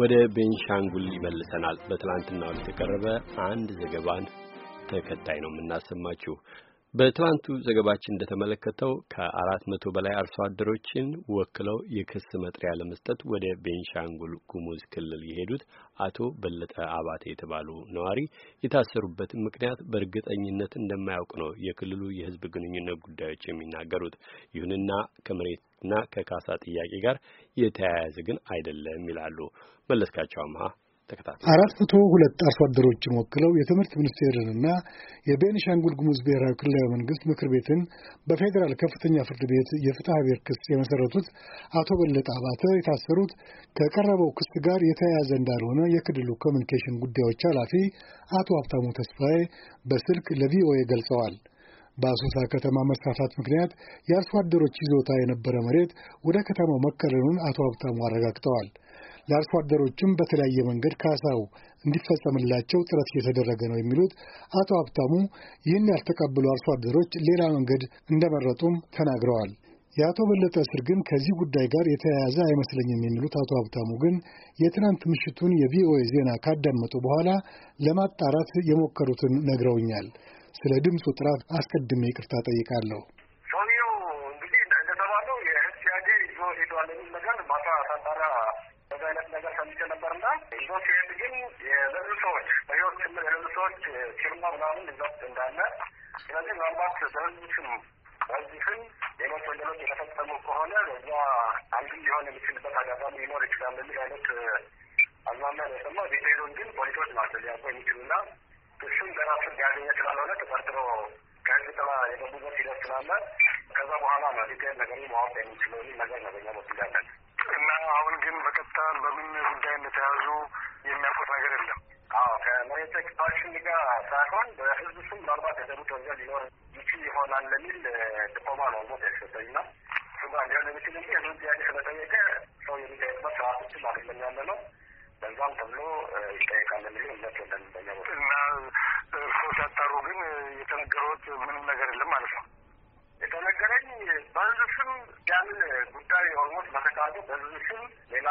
ወደ ቤንሻንጉል ይመልሰናል። በትላንትናው የተቀረበ አንድ ዘገባን ተከታይ ነው የምናሰማችሁ። በትላንቱ ዘገባችን እንደተመለከተው ከአራት መቶ በላይ አርሶ አደሮችን ወክለው የክስ መጥሪያ ለመስጠት ወደ ቤንሻንጉል ጉሙዝ ክልል የሄዱት አቶ በለጠ አባተ የተባሉ ነዋሪ የታሰሩበት ምክንያት በእርግጠኝነት እንደማያውቅ ነው የክልሉ የሕዝብ ግንኙነት ጉዳዮች የሚናገሩት። ይሁንና ከመሬትና ከካሳ ጥያቄ ጋር የተያያዘ ግን አይደለም ይላሉ። መለስካቸው አምሃ ተከታታይ አራት መቶ ሁለት አርሶ አደሮችን ወክለው የትምህርት ሚኒስቴርንና የቤኒሻንጉል ጉሙዝ ብሔራዊ ክልላዊ መንግስት ምክር ቤትን በፌዴራል ከፍተኛ ፍርድ ቤት የፍትሐ ብሔር ክስ የመሰረቱት አቶ በለጠ አባተ የታሰሩት ከቀረበው ክስ ጋር የተያያዘ እንዳልሆነ የክልሉ ኮሚኒኬሽን ጉዳዮች ኃላፊ አቶ ሀብታሙ ተስፋዬ በስልክ ለቪኦኤ ገልጸዋል። በአሶሳ ከተማ መስፋፋት ምክንያት የአርሶ አደሮች ይዞታ የነበረ መሬት ወደ ከተማው መከለሉን አቶ ሀብታሙ አረጋግጠዋል። ለአርሶ አደሮችም በተለያየ መንገድ ካሳው እንዲፈጸምላቸው ጥረት እየተደረገ ነው የሚሉት አቶ ሀብታሙ ይህን ያልተቀበሉ አርሶ አደሮች ሌላ መንገድ እንደመረጡም ተናግረዋል። የአቶ በለጠ እስር ግን ከዚህ ጉዳይ ጋር የተያያዘ አይመስለኝም የሚሉት አቶ ሀብታሙ ግን የትናንት ምሽቱን የቪኦኤ ዜና ካዳመጡ በኋላ ለማጣራት የሞከሩትን ነግረውኛል። ስለ ድምፁ ጥራት አስቀድሜ ይቅርታ ጠይቃለሁ። ሰውየው እንግዲህ እንደተባለው የህግ ይዞ ሄዷል የሚል ነገር ማታ ሳጣራ አይነት ነገር ሰምቼ ነበር እና ይዞ ሲሄድ ግን የብዙ ሰዎች በህይወት ጭምር የብዙ ሰዎች ፊርማ ምናምን እዛ ውስጥ እንዳለ ስለዚህ ምናልባት በህዝብሽም በዚህም ሌሎች ወንጀሎች የተፈጸሙ ከሆነ በዛ አንድም ሊሆን የሚችልበት አጋጣሚ ሊኖር ይችላል የሚል አይነት አዝማሚያ ነው የሰማው። ዲቴይሉን ግን ፖሊሶች ናቸው ሊያውቁ የሚችሉና እሱም በራሱ ያገኘ ስላልሆነ ተጠርጥሮ ከህግ ጥላ የገቡበት ሂደት ስላለ ከዛ በኋላ ነው ዲቴይል ነገሩ ማወቅ የሚችለው የሚል ነገር ነው በኛ አሁን ግን በቀጥታ በምን ጉዳይ እንደተያዙ የሚያውቁት ነገር የለም። አዎ ከመሬት ተንቀሳቃሾች ጋር ሳይሆን በህዝብ ስም ምናልባት የሰሩት ወንጀል ሊኖር ይችል ይሆናል ለሚል ጥቆማ ነው ሞት ያሰጠኝና ሱጋ እንዲሆን የሚችል እንጂ የህዝብ ጥያቄ ስለጠየቀ ሰው የሚጠየቅበት ስርዓቶችን አገለኝ ያለ ነው። በዛም ተብሎ ይጠየቃል የሚል እምነት የለን በኛ ቦታ እና እርሶ ሲያጣሩ ግን የተነገሩት ምንም ነገር የለም ማለት ነው። የተነገረኝ በህዝብ ስም በዚህ ስም ሌላ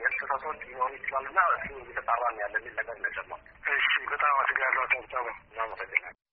የስህተቶች ሊሆኑ ይችላል እና እሱ እየተጣራ ነው ያለ የሚል ነገር ነው እሺ፣ በጣም አስጋለሁ። ታብታቡ አመሰግናለሁ።